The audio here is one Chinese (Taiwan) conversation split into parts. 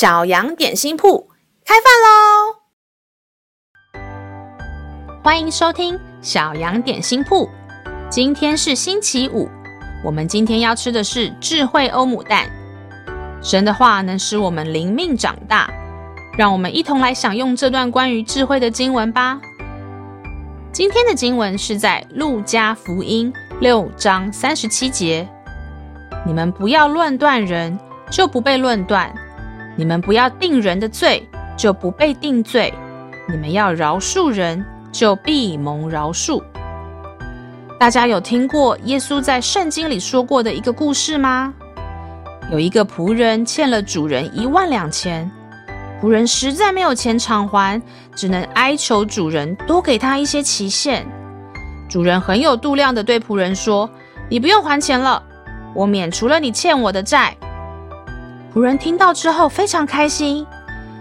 小羊點心鋪開飯嘍！歡迎收聽小羊點心鋪。今天是星期五，我們今天要吃的是智慧歐姆蛋。神的話能使我們靈命長大，讓我們一同來享用這段關於智慧的經文吧。今天的經文是在路加福音六章三十七節：“你們不要論斷人，就不被論斷。”你們不要定人的罪，就不被定罪；你們要饒恕人，就必蒙饒恕。大家有聽過耶穌在聖經裡說過的一個故事嗎？有一個僕人欠了主人一萬兩千，僕人實在沒有錢償還，只能哀求主人多給他一些期限。主人很有度量的對僕人說：“你不用還錢了，我免除了你欠我的債。”僕人聽到之後非常開心，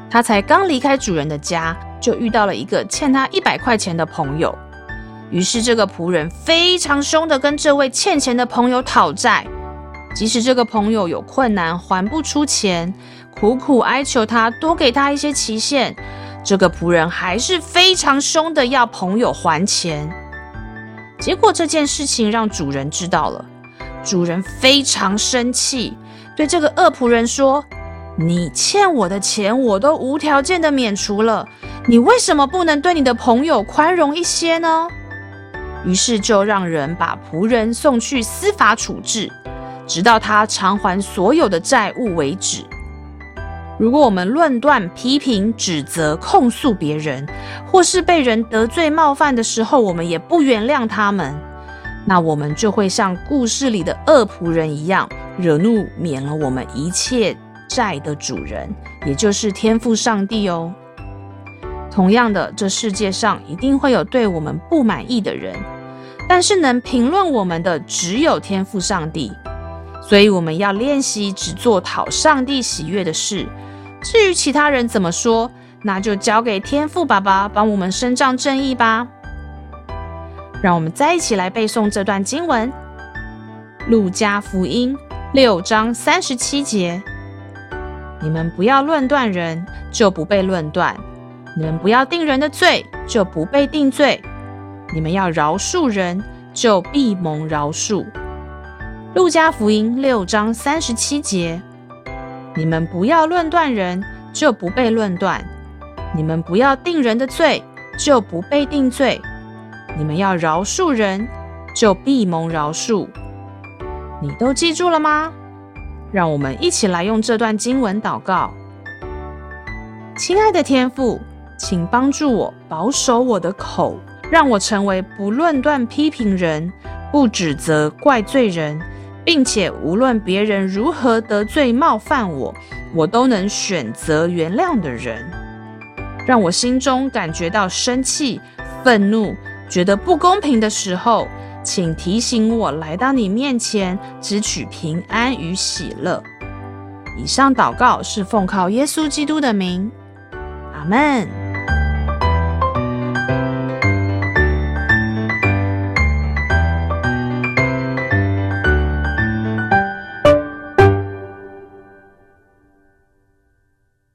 他才剛離開主人的家，就遇到了一個欠他一百塊錢的朋友。於是這個僕人非常兇地跟這位欠錢的朋友討債，即使這個朋友有困難，還不出錢，苦苦哀求他多給他一些期限，這個僕人還是非常兇地要朋友還錢。結果這件事情讓主人知道了，主人非常生氣。對這個惡僕人說：“你欠我的錢，我都無條件的免除了，你為什麼不能對你的朋友寬容一些呢？”於是就讓人把僕人送去司法處置，直到他償還所有的債務為止。如果我們論斷、批評、指責、控訴別人，或是被人得罪冒犯的時候，我們也不原諒他們。那我們就會像故事裡的惡僕人一樣，惹怒免了我們一切債的主人，也就是天父上帝哦。同樣的，這世界上一定會有對我們不滿意的人，但是能評論我們的只有天父上帝。所以我們要練習只做討上帝喜悅的事。至於其他人怎麼說，那就交給天父爸爸幫我們伸張正義吧。讓我們再一起來背誦這段經文，《路加福音》六章三十七節：你們不要論斷人，就不被論斷；你們不要定人的罪，就不被定罪；你們要饒恕人，就必蒙饒恕。《路加福音》六章三十七節：你們不要論斷人，就不被論斷；你們不要定人的罪，就不被定罪。你們要饒恕人，就必蒙饒恕。你都記住了嗎？讓我們一起來用這段經文禱告。親愛的天父，請幫助我，保守我的口，讓我成為不論斷批評人、不指責怪罪人，並且無論別人如何得罪冒犯我，我都能選擇原諒的人。讓我心中感覺到生氣、憤怒。覺得不公平的時候，請提醒我來到你面前，只取平安與喜樂。以上禱告是奉靠耶穌基督的名。阿門。